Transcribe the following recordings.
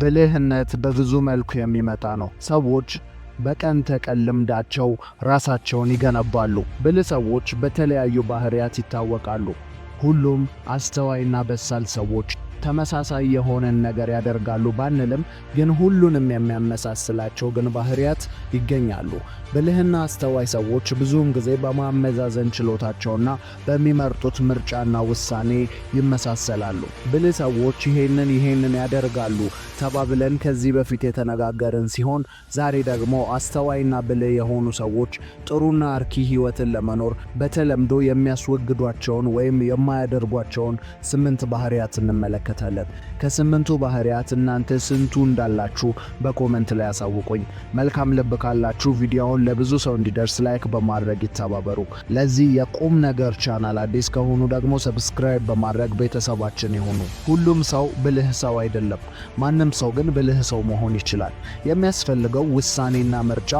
ብልህነት በብዙ መልኩ የሚመጣ ነው። ሰዎች በቀን ተቀን ልምዳቸው ራሳቸውን ይገነባሉ። ብልህ ሰዎች በተለያዩ ባህሪያት ይታወቃሉ። ሁሉም አስተዋይና በሳል ሰዎች ተመሳሳይ የሆነን ነገር ያደርጋሉ ባንልም ግን ሁሉንም የሚያመሳስላቸው ግን ባህሪያት ይገኛሉ። ብልህና አስተዋይ ሰዎች ብዙውን ጊዜ በማመዛዘን ችሎታቸውና በሚመርጡት ምርጫና ውሳኔ ይመሳሰላሉ። ብልህ ሰዎች ይሄንን ይሄንን ያደርጋሉ ተባብለን ከዚህ በፊት የተነጋገርን ሲሆን ዛሬ ደግሞ አስተዋይና ብልህ የሆኑ ሰዎች ጥሩና አርኪ ህይወትን ለመኖር በተለምዶ የሚያስወግዷቸውን ወይም የማያደርጓቸውን ስምንት ባህሪያት እንመለከታል። እንመለከታለን። ከስምንቱ ባህሪያት እናንተ ስንቱ እንዳላችሁ በኮመንት ላይ አሳውቁኝ። መልካም ልብ ካላችሁ ቪዲዮውን ለብዙ ሰው እንዲደርስ ላይክ በማድረግ ይተባበሩ። ለዚህ የቁም ነገር ቻናል አዲስ ከሆኑ ደግሞ ሰብስክራይብ በማድረግ ቤተሰባችን ይሁኑ። ሁሉም ሰው ብልህ ሰው አይደለም። ማንም ሰው ግን ብልህ ሰው መሆን ይችላል። የሚያስፈልገው ውሳኔና ምርጫ፣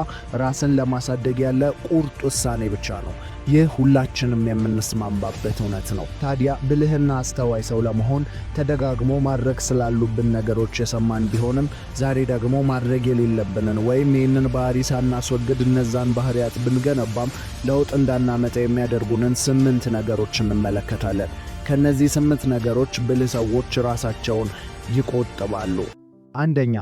ራስን ለማሳደግ ያለ ቁርጥ ውሳኔ ብቻ ነው። ይህ ሁላችንም የምንስማማበት እውነት ነው። ታዲያ ብልህና አስተዋይ ሰው ለመሆን ተደጋግሞ ማድረግ ስላሉብን ነገሮች የሰማን ቢሆንም ዛሬ ደግሞ ማድረግ የሌለብንን ወይም ይህንን ባህሪ ሳናስወግድ እነዛን ባህሪያት ብንገነባም ለውጥ እንዳናመጣ የሚያደርጉንን ስምንት ነገሮች እንመለከታለን። ከእነዚህ ስምንት ነገሮች ብልህ ሰዎች ራሳቸውን ይቆጥባሉ። አንደኛ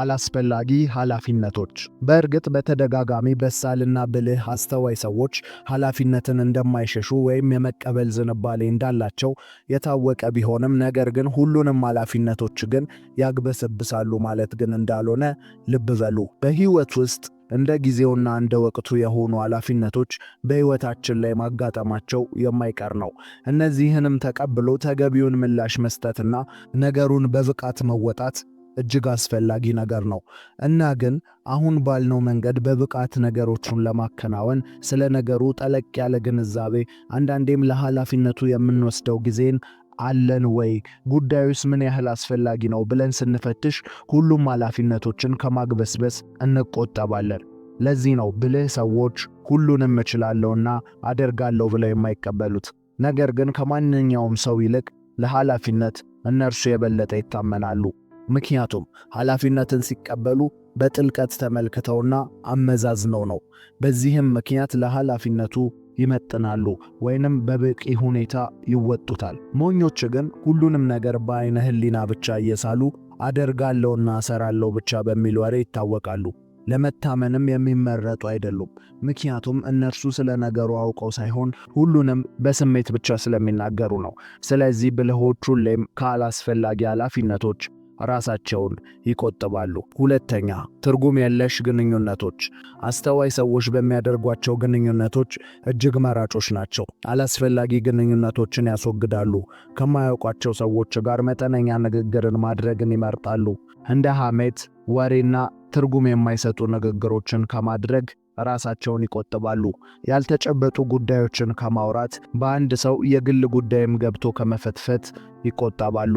አላስፈላጊ ኃላፊነቶች። በእርግጥ በተደጋጋሚ በሳልና ብልህ አስተዋይ ሰዎች ኃላፊነትን እንደማይሸሹ ወይም የመቀበል ዝንባሌ እንዳላቸው የታወቀ ቢሆንም ነገር ግን ሁሉንም ኃላፊነቶች ግን ያግበሰብሳሉ ማለት ግን እንዳልሆነ ልብ በሉ። በህይወት ውስጥ እንደ ጊዜውና እንደ ወቅቱ የሆኑ ኃላፊነቶች በህይወታችን ላይ ማጋጠማቸው የማይቀር ነው። እነዚህንም ተቀብሎ ተገቢውን ምላሽ መስጠትና ነገሩን በብቃት መወጣት እጅግ አስፈላጊ ነገር ነው እና ግን አሁን ባልነው መንገድ በብቃት ነገሮቹን ለማከናወን ስለ ነገሩ ጠለቅ ያለ ግንዛቤ አንዳንዴም ለኃላፊነቱ የምንወስደው ጊዜን አለን ወይ? ጉዳዩስ ምን ያህል አስፈላጊ ነው ብለን ስንፈትሽ ሁሉም ኃላፊነቶችን ከማግበስበስ እንቆጠባለን። ለዚህ ነው ብልህ ሰዎች ሁሉንም እችላለሁና አደርጋለሁ ብለው የማይቀበሉት። ነገር ግን ከማንኛውም ሰው ይልቅ ለኃላፊነት እነርሱ የበለጠ ይታመናሉ። ምክንያቱም ኃላፊነትን ሲቀበሉ በጥልቀት ተመልክተውና አመዛዝነው ነው። በዚህም ምክንያት ለኃላፊነቱ ይመጥናሉ ወይንም በበቂ ሁኔታ ይወጡታል። ሞኞች ግን ሁሉንም ነገር በአይነ ህሊና ብቻ እየሳሉ አደርጋለሁና እሰራለሁ ብቻ በሚል ወሬ ይታወቃሉ። ለመታመንም የሚመረጡ አይደሉም። ምክንያቱም እነርሱ ስለ ነገሩ አውቀው ሳይሆን ሁሉንም በስሜት ብቻ ስለሚናገሩ ነው። ስለዚህ ብልሆች ሁሌም ከአላስፈላጊ ኃላፊነቶች ራሳቸውን ይቆጥባሉ። ሁለተኛ ትርጉም የለሽ ግንኙነቶች። አስተዋይ ሰዎች በሚያደርጓቸው ግንኙነቶች እጅግ መራጮች ናቸው። አላስፈላጊ ግንኙነቶችን ያስወግዳሉ። ከማያውቋቸው ሰዎች ጋር መጠነኛ ንግግርን ማድረግን ይመርጣሉ። እንደ ሐሜት፣ ወሬና ትርጉም የማይሰጡ ንግግሮችን ከማድረግ ራሳቸውን ይቆጥባሉ። ያልተጨበጡ ጉዳዮችን ከማውራት በአንድ ሰው የግል ጉዳይም ገብቶ ከመፈትፈት ይቆጠባሉ።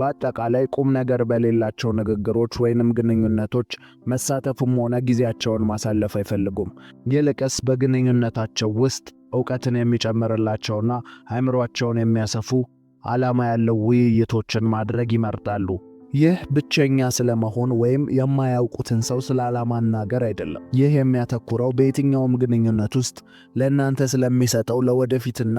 በአጠቃላይ ቁም ነገር በሌላቸው ንግግሮች ወይንም ግንኙነቶች መሳተፍም ሆነ ጊዜያቸውን ማሳለፍ አይፈልጉም። ይልቅስ በግንኙነታቸው ውስጥ እውቀትን የሚጨምርላቸውና አእምሯቸውን የሚያሰፉ ዓላማ ያለው ውይይቶችን ማድረግ ይመርጣሉ። ይህ ብቸኛ ስለመሆን ወይም የማያውቁትን ሰው ስለ አለማናገር አይደለም። ይህ የሚያተኩረው በየትኛውም ግንኙነት ውስጥ ለእናንተ ስለሚሰጠው ለወደፊትና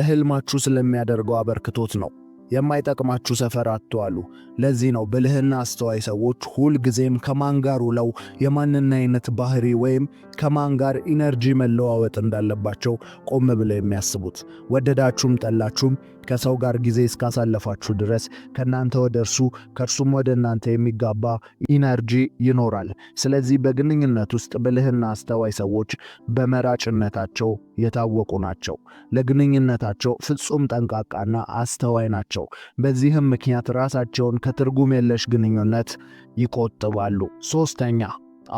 ለህልማችሁ ስለሚያደርገው አበርክቶት ነው። የማይጠቅማችሁ ሰፈር አትዋሉ። ለዚህ ነው ብልህና አስተዋይ ሰዎች ሁል ጊዜም ከማን ጋር ውለው የማንን አይነት ባህሪ ወይም ከማን ጋር ኢነርጂ መለዋወጥ እንዳለባቸው ቆም ብለው የሚያስቡት። ወደዳችሁም ጠላችሁም ከሰው ጋር ጊዜ እስካሳለፋችሁ ድረስ ከእናንተ ወደ እርሱ ከእርሱም ወደ እናንተ የሚጋባ ኢነርጂ ይኖራል። ስለዚህ በግንኙነት ውስጥ ብልህና አስተዋይ ሰዎች በመራጭነታቸው የታወቁ ናቸው። ለግንኙነታቸው ፍጹም ጠንቃቃና አስተዋይ ናቸው። በዚህም ምክንያት ራሳቸውን ከትርጉም የለሽ ግንኙነት ይቆጥባሉ። ሶስተኛ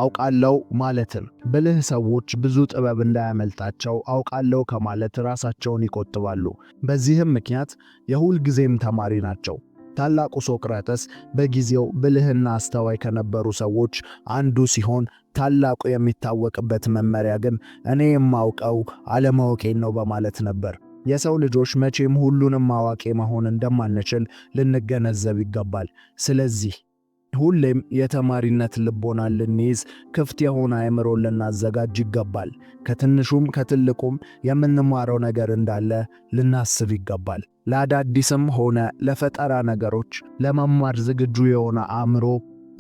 አውቃለሁ ማለትን። ብልህ ሰዎች ብዙ ጥበብ እንዳያመልጣቸው አውቃለሁ ከማለት ራሳቸውን ይቆጥባሉ። በዚህም ምክንያት የሁል ጊዜም ተማሪ ናቸው። ታላቁ ሶክራተስ በጊዜው ብልህና አስተዋይ ከነበሩ ሰዎች አንዱ ሲሆን ታላቁ የሚታወቅበት መመሪያ ግን እኔ የማውቀው አለማወቄን ነው በማለት ነበር። የሰው ልጆች መቼም ሁሉንም አዋቂ መሆን እንደማንችል ልንገነዘብ ይገባል። ስለዚህ ሁሌም የተማሪነት ልቦናን ልንይዝ ክፍት የሆነ አእምሮ ልናዘጋጅ ይገባል። ከትንሹም ከትልቁም የምንማረው ነገር እንዳለ ልናስብ ይገባል። ለአዳዲስም ሆነ ለፈጠራ ነገሮች ለመማር ዝግጁ የሆነ አእምሮ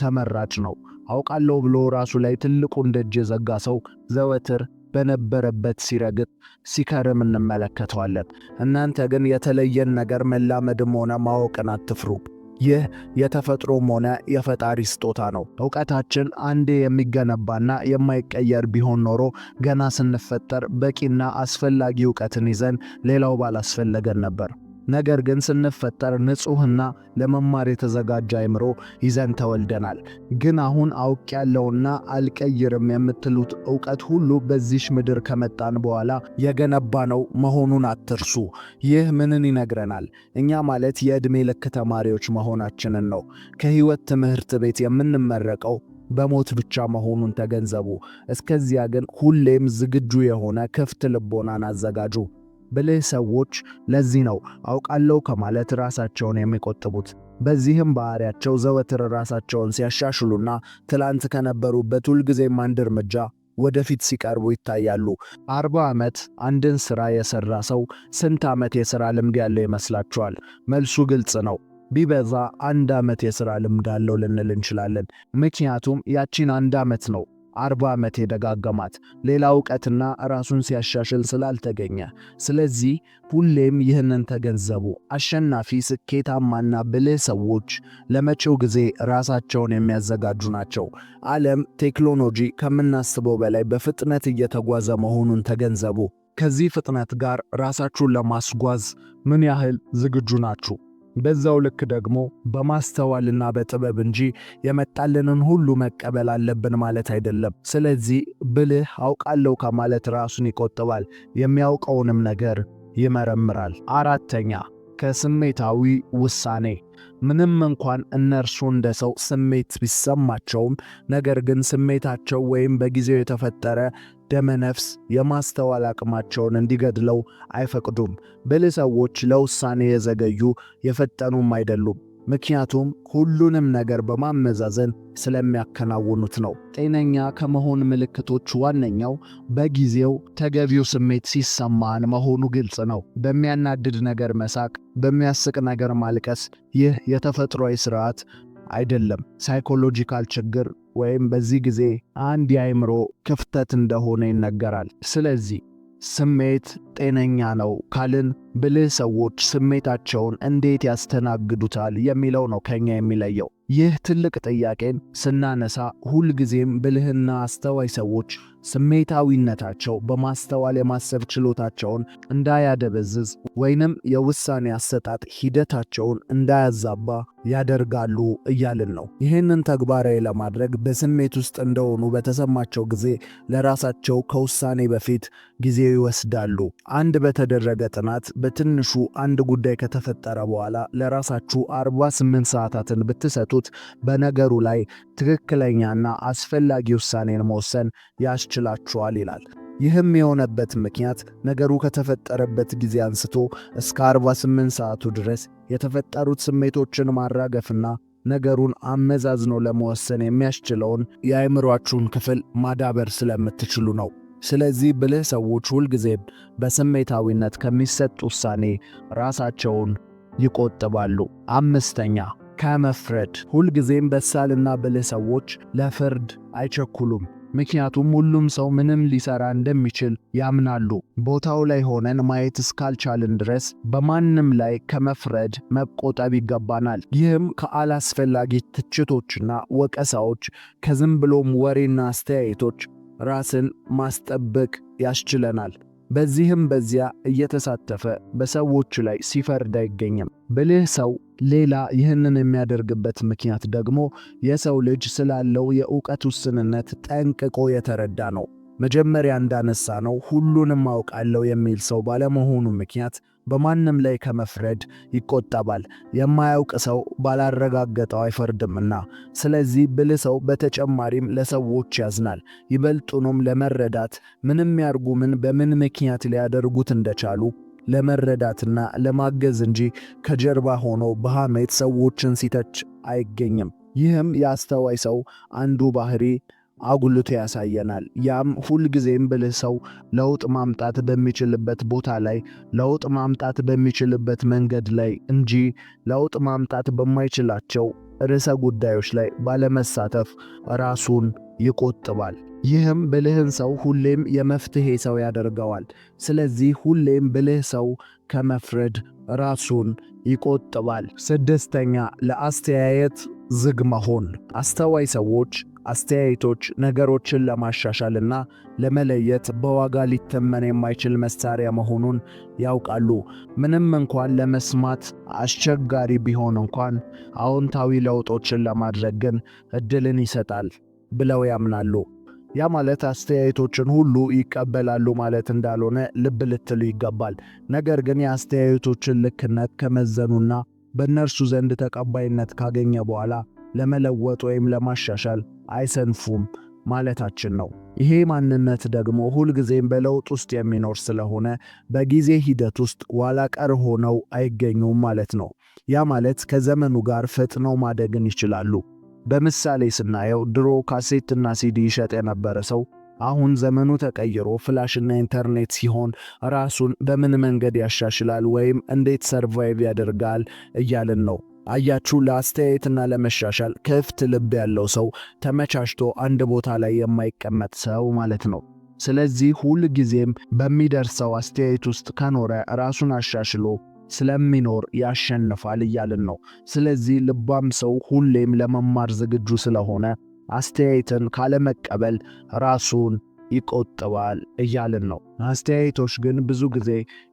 ተመራጭ ነው። አውቃለሁ ብሎ ራሱ ላይ ትልቁን ደጅ የዘጋ ሰው ዘወትር በነበረበት ሲረግጥ ሲከርም እንመለከተዋለን። እናንተ ግን የተለየን ነገር መላመድም ሆነ ማወቅን አትፍሩም። ይህ የተፈጥሮም ሆነ የፈጣሪ ስጦታ ነው። እውቀታችን አንዴ የሚገነባና የማይቀየር ቢሆን ኖሮ ገና ስንፈጠር በቂና አስፈላጊ እውቀትን ይዘን ሌላው ባላስፈለገን ነበር። ነገር ግን ስንፈጠር ንጹህና ለመማር የተዘጋጀ አይምሮ ይዘን ተወልደናል። ግን አሁን አውቅ ያለውና አልቀይርም የምትሉት እውቀት ሁሉ በዚሽ ምድር ከመጣን በኋላ የገነባነው መሆኑን አትርሱ። ይህ ምንን ይነግረናል? እኛ ማለት የዕድሜ ልክ ተማሪዎች መሆናችንን ነው። ከሕይወት ትምህርት ቤት የምንመረቀው በሞት ብቻ መሆኑን ተገንዘቡ። እስከዚያ ግን ሁሌም ዝግጁ የሆነ ክፍት ልቦናን አዘጋጁ። ብልህ ሰዎች ለዚህ ነው አውቃለሁ ከማለት ራሳቸውን የሚቆጥቡት። በዚህም ባህሪያቸው ዘወትር ራሳቸውን ሲያሻሽሉና ትላንት ከነበሩበት ሁልጊዜም አንድ እርምጃ ወደፊት ሲቀርቡ ይታያሉ። አርባ ዓመት አንድን ሥራ የሠራ ሰው ስንት ዓመት የሥራ ልምድ ያለው ይመስላችኋል? መልሱ ግልጽ ነው። ቢበዛ አንድ ዓመት የሥራ ልምድ አለው ልንል እንችላለን። ምክንያቱም ያቺን አንድ ዓመት ነው አርባ ዓመት የደጋገማት ሌላ እውቀትና ራሱን ሲያሻሽል ስላልተገኘ። ስለዚህ ሁሌም ይህንን ተገንዘቡ። አሸናፊ፣ ስኬታማና ብልህ ሰዎች ለመቼው ጊዜ ራሳቸውን የሚያዘጋጁ ናቸው። ዓለም ቴክኖሎጂ ከምናስበው በላይ በፍጥነት እየተጓዘ መሆኑን ተገንዘቡ። ከዚህ ፍጥነት ጋር ራሳችሁን ለማስጓዝ ምን ያህል ዝግጁ ናችሁ? በዛው ልክ ደግሞ በማስተዋልና በጥበብ እንጂ የመጣልንን ሁሉ መቀበል አለብን ማለት አይደለም። ስለዚህ ብልህ አውቃለሁ ከማለት ራሱን ይቆጥባል፣ የሚያውቀውንም ነገር ይመረምራል። አራተኛ ከስሜታዊ ውሳኔ ምንም እንኳን እነርሱ እንደ ሰው ስሜት ቢሰማቸውም ነገር ግን ስሜታቸው ወይም በጊዜው የተፈጠረ ደመነፍስ የማስተዋል አቅማቸውን እንዲገድለው አይፈቅዱም። ብልህ ሰዎች ለውሳኔ የዘገዩ የፈጠኑም አይደሉም። ምክንያቱም ሁሉንም ነገር በማመዛዘን ስለሚያከናውኑት ነው። ጤነኛ ከመሆን ምልክቶች ዋነኛው በጊዜው ተገቢው ስሜት ሲሰማን መሆኑ ግልጽ ነው። በሚያናድድ ነገር መሳቅ፣ በሚያስቅ ነገር ማልቀስ። ይህ የተፈጥሯዊ ስርዓት አይደለም፣ ሳይኮሎጂካል ችግር ወይም በዚህ ጊዜ አንድ የአእምሮ ክፍተት እንደሆነ ይነገራል። ስለዚህ ስሜት ጤነኛ ነው ካልን ብልህ ሰዎች ስሜታቸውን እንዴት ያስተናግዱታል የሚለው ነው ከኛ የሚለየው። ይህ ትልቅ ጥያቄን ስናነሳ ሁልጊዜም ብልህና አስተዋይ ሰዎች ስሜታዊነታቸው በማስተዋል የማሰብ ችሎታቸውን እንዳያደበዝዝ ወይንም የውሳኔ አሰጣጥ ሂደታቸውን እንዳያዛባ ያደርጋሉ እያልን ነው። ይህንን ተግባራዊ ለማድረግ በስሜት ውስጥ እንደሆኑ በተሰማቸው ጊዜ ለራሳቸው ከውሳኔ በፊት ጊዜ ይወስዳሉ። አንድ በተደረገ ጥናት በትንሹ አንድ ጉዳይ ከተፈጠረ በኋላ ለራሳችሁ 48 ሰዓታትን ብትሰጡት በነገሩ ላይ ትክክለኛና አስፈላጊ ውሳኔን መወሰን ያስችላችኋል ይላል። ይህም የሆነበት ምክንያት ነገሩ ከተፈጠረበት ጊዜ አንስቶ እስከ 48 ሰዓቱ ድረስ የተፈጠሩት ስሜቶችን ማራገፍና ነገሩን አመዛዝኖ ለመወሰን የሚያስችለውን የአእምሯችሁን ክፍል ማዳበር ስለምትችሉ ነው። ስለዚህ ብልህ ሰዎች ሁልጊዜም በስሜታዊነት ከሚሰጥ ውሳኔ ራሳቸውን ይቆጥባሉ። አምስተኛ ከመፍረድ። ሁልጊዜም በሳልና ብልህ ሰዎች ለፍርድ አይቸኩሉም፣ ምክንያቱም ሁሉም ሰው ምንም ሊሰራ እንደሚችል ያምናሉ። ቦታው ላይ ሆነን ማየት እስካልቻልን ድረስ በማንም ላይ ከመፍረድ መቆጠብ ይገባናል። ይህም ከአላስፈላጊ ትችቶችና ወቀሳዎች፣ ከዝም ብሎም ወሬና አስተያየቶች ራስን ማስጠበቅ ያስችለናል። በዚህም በዚያ እየተሳተፈ በሰዎች ላይ ሲፈርድ አይገኝም። ብልህ ሰው ሌላ ይህንን የሚያደርግበት ምክንያት ደግሞ የሰው ልጅ ስላለው የእውቀት ውስንነት ጠንቅቆ የተረዳ ነው። መጀመሪያ እንዳነሳ ነው ሁሉንም አውቃለሁ የሚል ሰው ባለመሆኑ ምክንያት በማንም ላይ ከመፍረድ ይቆጠባል። የማያውቅ ሰው ባላረጋገጠው አይፈርድምና። ስለዚህ ብልህ ሰው በተጨማሪም ለሰዎች ያዝናል፣ ይበልጡንም ለመረዳት ምንም ያርጉ ምን በምን ምክንያት ሊያደርጉት እንደቻሉ ለመረዳትና ለማገዝ እንጂ ከጀርባ ሆኖ በሐሜት ሰዎችን ሲተች አይገኝም። ይህም የአስተዋይ ሰው አንዱ ባህሪ አጉልቶ ያሳየናል። ያም ሁልጊዜም ብልህ ሰው ለውጥ ማምጣት በሚችልበት ቦታ ላይ ለውጥ ማምጣት በሚችልበት መንገድ ላይ እንጂ ለውጥ ማምጣት በማይችላቸው ርዕሰ ጉዳዮች ላይ ባለመሳተፍ ራሱን ይቆጥባል። ይህም ብልህን ሰው ሁሌም የመፍትሄ ሰው ያደርገዋል። ስለዚህ ሁሌም ብልህ ሰው ከመፍረድ ራሱን ይቆጥባል። ስድስተኛ ለአስተያየት ዝግ መሆን። አስተዋይ ሰዎች አስተያየቶች ነገሮችን ለማሻሻልና ለመለየት በዋጋ ሊተመን የማይችል መሳሪያ መሆኑን ያውቃሉ። ምንም እንኳን ለመስማት አስቸጋሪ ቢሆን እንኳን አዎንታዊ ለውጦችን ለማድረግ ግን እድልን ይሰጣል ብለው ያምናሉ። ያ ማለት አስተያየቶችን ሁሉ ይቀበላሉ ማለት እንዳልሆነ ልብ ልትሉ ይገባል። ነገር ግን የአስተያየቶችን ልክነት ከመዘኑና በእነርሱ ዘንድ ተቀባይነት ካገኘ በኋላ ለመለወጥ ወይም ለማሻሻል አይሰንፉም ማለታችን ነው። ይሄ ማንነት ደግሞ ሁልጊዜም በለውጥ ውስጥ የሚኖር ስለሆነ በጊዜ ሂደት ውስጥ ኋላ ቀር ሆነው አይገኙም ማለት ነው። ያ ማለት ከዘመኑ ጋር ፈጥነው ማደግን ይችላሉ። በምሳሌ ስናየው ድሮ ካሴትና ሲዲ ይሸጥ የነበረ ሰው አሁን ዘመኑ ተቀይሮ ፍላሽና ኢንተርኔት ሲሆን ራሱን በምን መንገድ ያሻሽላል ወይም እንዴት ሰርቫይቭ ያደርጋል እያልን ነው። አያችሁ፣ ለአስተያየትና ለመሻሻል ክፍት ልብ ያለው ሰው ተመቻችቶ አንድ ቦታ ላይ የማይቀመጥ ሰው ማለት ነው። ስለዚህ ሁል ጊዜም በሚደርሰው አስተያየት ውስጥ ከኖረ ራሱን አሻሽሎ ስለሚኖር ያሸንፋል እያልን ነው። ስለዚህ ልባም ሰው ሁሌም ለመማር ዝግጁ ስለሆነ አስተያየትን ካለመቀበል ራሱን ይቆጥባል እያልን ነው። አስተያየቶች ግን ብዙ ጊዜ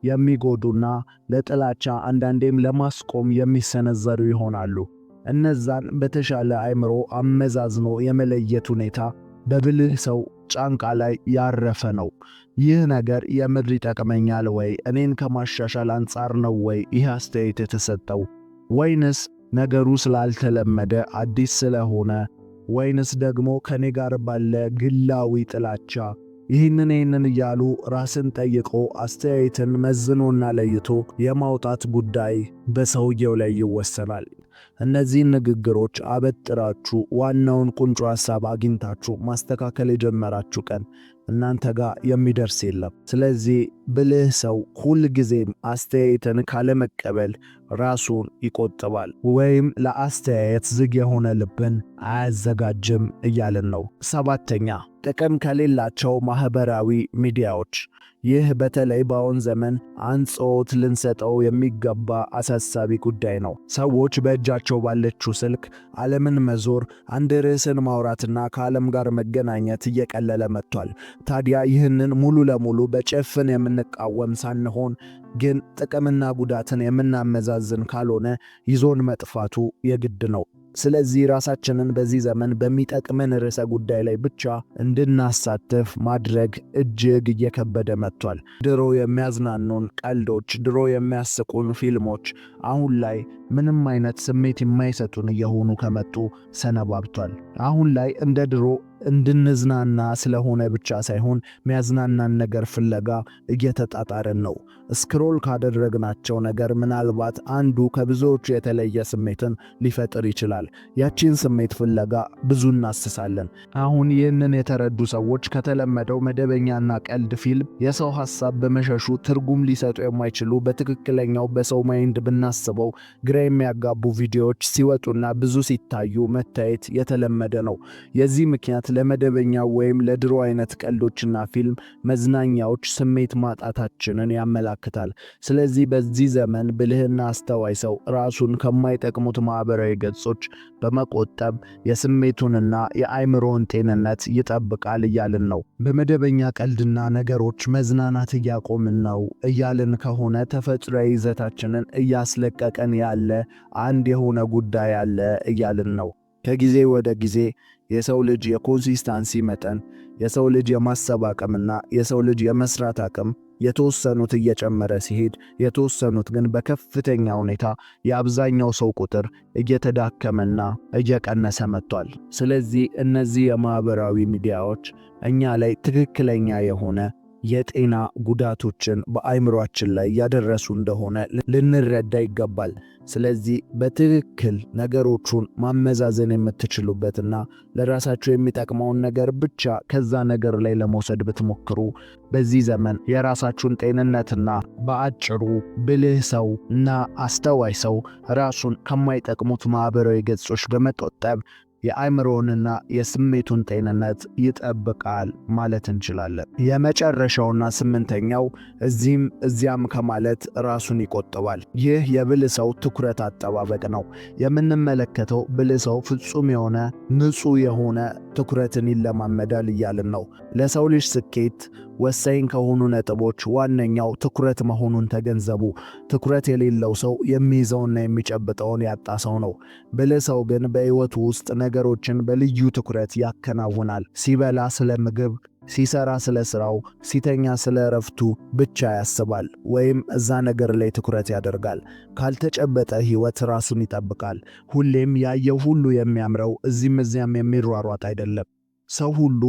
የሚጎዱና ለጥላቻ አንዳንዴም ለማስቆም የሚሰነዘሩ ይሆናሉ። እነዛን በተሻለ አእምሮ አመዛዝኖ የመለየት ሁኔታ በብልህ ሰው ጫንቃ ላይ ያረፈ ነው። ይህ ነገር የምር ይጠቅመኛል ወይ? እኔን ከማሻሻል አንጻር ነው ወይ ይህ አስተያየት የተሰጠው? ወይንስ ነገሩ ስላልተለመደ አዲስ ስለሆነ ወይንስ ደግሞ ከኔ ጋር ባለ ግላዊ ጥላቻ? ይህንን ይህንን እያሉ ራስን ጠይቆ አስተያየትን መዝኖና ለይቶ የማውጣት ጉዳይ በሰውየው ላይ ይወሰናል። እነዚህን ንግግሮች አበጥራችሁ ዋናውን ቁንጮ ሐሳብ አግኝታችሁ ማስተካከል የጀመራችሁ ቀን እናንተ ጋር የሚደርስ የለም። ስለዚህ ብልህ ሰው ሁል ጊዜም አስተያየትን ካለመቀበል ራሱን ይቆጥባል ወይም ለአስተያየት ዝግ የሆነ ልብን አያዘጋጅም እያልን ነው። ሰባተኛ ጥቅም ከሌላቸው ማኅበራዊ ሚዲያዎች። ይህ በተለይ በአሁን ዘመን አንጽሆት ልንሰጠው የሚገባ አሳሳቢ ጉዳይ ነው። ሰዎች በእጃቸው ባለችው ስልክ ዓለምን መዞር፣ አንድ ርዕስን ማውራትና ከዓለም ጋር መገናኘት እየቀለለ መጥቷል። ታዲያ ይህንን ሙሉ ለሙሉ በጭፍን የምንቃወም ሳንሆን ግን ጥቅምና ጉዳትን የምናመዛዝን ካልሆነ ይዞን መጥፋቱ የግድ ነው። ስለዚህ ራሳችንን በዚህ ዘመን በሚጠቅመን ርዕሰ ጉዳይ ላይ ብቻ እንድናሳተፍ ማድረግ እጅግ እየከበደ መጥቷል። ድሮ የሚያዝናኑን ቀልዶች፣ ድሮ የሚያስቁን ፊልሞች አሁን ላይ ምንም አይነት ስሜት የማይሰጡን እየሆኑ ከመጡ ሰነባብቷል። አሁን ላይ እንደ ድሮ እንድንዝናና ስለሆነ ብቻ ሳይሆን ሚያዝናናን ነገር ፍለጋ እየተጣጣረን ነው። ስክሮል ካደረግናቸው ነገር ምናልባት አንዱ ከብዙዎቹ የተለየ ስሜትን ሊፈጥር ይችላል። ያቺን ስሜት ፍለጋ ብዙ እናስሳለን። አሁን ይህንን የተረዱ ሰዎች ከተለመደው መደበኛና ቀልድ ፊልም የሰው ሐሳብ በመሸሹ ትርጉም ሊሰጡ የማይችሉ በትክክለኛው በሰው ማይንድ ብናስበው ግራ የሚያጋቡ ቪዲዮዎች ሲወጡና ብዙ ሲታዩ መታየት የተለመደ ነው። የዚህ ምክንያት ለመደበኛው ወይም ለድሮ አይነት ቀልዶችና ፊልም መዝናኛዎች ስሜት ማጣታችንን ያመላክታል። ስለዚህ በዚህ ዘመን ብልህና አስተዋይ ሰው ራሱን ከማይጠቅሙት ማህበራዊ ገጾች በመቆጠብ የስሜቱንና የአይምሮን ጤንነት ይጠብቃል እያልን ነው። በመደበኛ ቀልድና ነገሮች መዝናናት እያቆምን ነው እያልን ከሆነ ተፈጥሯዊ ይዘታችንን እያስለቀቀን ያለ አንድ የሆነ ጉዳይ አለ እያልን ነው። ከጊዜ ወደ ጊዜ የሰው ልጅ የኮንሲስታንሲ መጠን፣ የሰው ልጅ የማሰብ አቅምና የሰው ልጅ የመስራት አቅም የተወሰኑት እየጨመረ ሲሄድ፣ የተወሰኑት ግን በከፍተኛ ሁኔታ የአብዛኛው ሰው ቁጥር እየተዳከመና እየቀነሰ መጥቷል። ስለዚህ እነዚህ የማህበራዊ ሚዲያዎች እኛ ላይ ትክክለኛ የሆነ የጤና ጉዳቶችን በአይምሯችን ላይ ያደረሱ እንደሆነ ልንረዳ ይገባል። ስለዚህ በትክክል ነገሮቹን ማመዛዘን የምትችሉበትና ለራሳቸው የሚጠቅመውን ነገር ብቻ ከዛ ነገር ላይ ለመውሰድ ብትሞክሩ በዚህ ዘመን የራሳችሁን ጤንነትና በአጭሩ ብልህ ሰው እና አስተዋይ ሰው ራሱን ከማይጠቅሙት ማኅበራዊ ገጾች በመቆጠብ የአእምሮንና የስሜቱን ጤንነት ይጠብቃል ማለት እንችላለን። የመጨረሻውና ስምንተኛው እዚህም እዚያም ከማለት ራሱን ይቆጥባል። ይህ የብልህ ሰው ትኩረት አጠባበቅ ነው። የምንመለከተው ብልህ ሰው ፍጹም የሆነ ንጹህ የሆነ ትኩረትን ይለማመዳል እያልን ነው። ለሰው ልጅ ስኬት ወሳኝ ከሆኑ ነጥቦች ዋነኛው ትኩረት መሆኑን ተገንዘቡ። ትኩረት የሌለው ሰው የሚይዘውና የሚጨብጠውን ያጣ ሰው ነው። ብልህ ሰው ግን በሕይወቱ ውስጥ ነገሮችን በልዩ ትኩረት ያከናውናል። ሲበላ ስለ ምግብ፣ ሲሰራ ስለ ሥራው፣ ሲተኛ ስለ እረፍቱ ብቻ ያስባል፣ ወይም እዛ ነገር ላይ ትኩረት ያደርጋል። ካልተጨበጠ ሕይወት ራሱን ይጠብቃል። ሁሌም ያየው ሁሉ የሚያምረው እዚህም እዚያም የሚሯሯጥ አይደለም። ሰው ሁሉ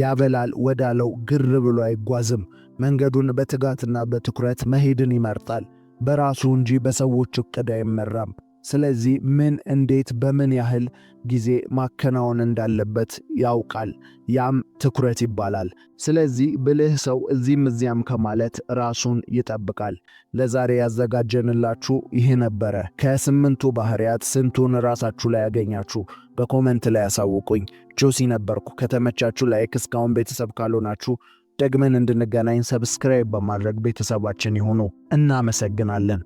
ያበላል ወዳለው ግር ብሎ አይጓዝም። መንገዱን በትጋትና በትኩረት መሄድን ይመርጣል። በራሱ እንጂ በሰዎች እቅድ አይመራም። ስለዚህ ምን እንዴት በምን ያህል ጊዜ ማከናወን እንዳለበት ያውቃል። ያም ትኩረት ይባላል። ስለዚህ ብልህ ሰው እዚህም እዚያም ከማለት ራሱን ይጠብቃል። ለዛሬ ያዘጋጀንላችሁ ይህ ነበረ። ከስምንቱ ባህሪያት ስንቱን ራሳችሁ ላይ ያገኛችሁ? በኮመንት ላይ ያሳውቁኝ። ጆሲ ነበርኩ። ከተመቻችሁ ላይክ፣ እስካሁን ቤተሰብ ካልሆናችሁ ደግመን እንድንገናኝ ሰብስክራይብ በማድረግ ቤተሰባችን ይሁኑ። እናመሰግናለን።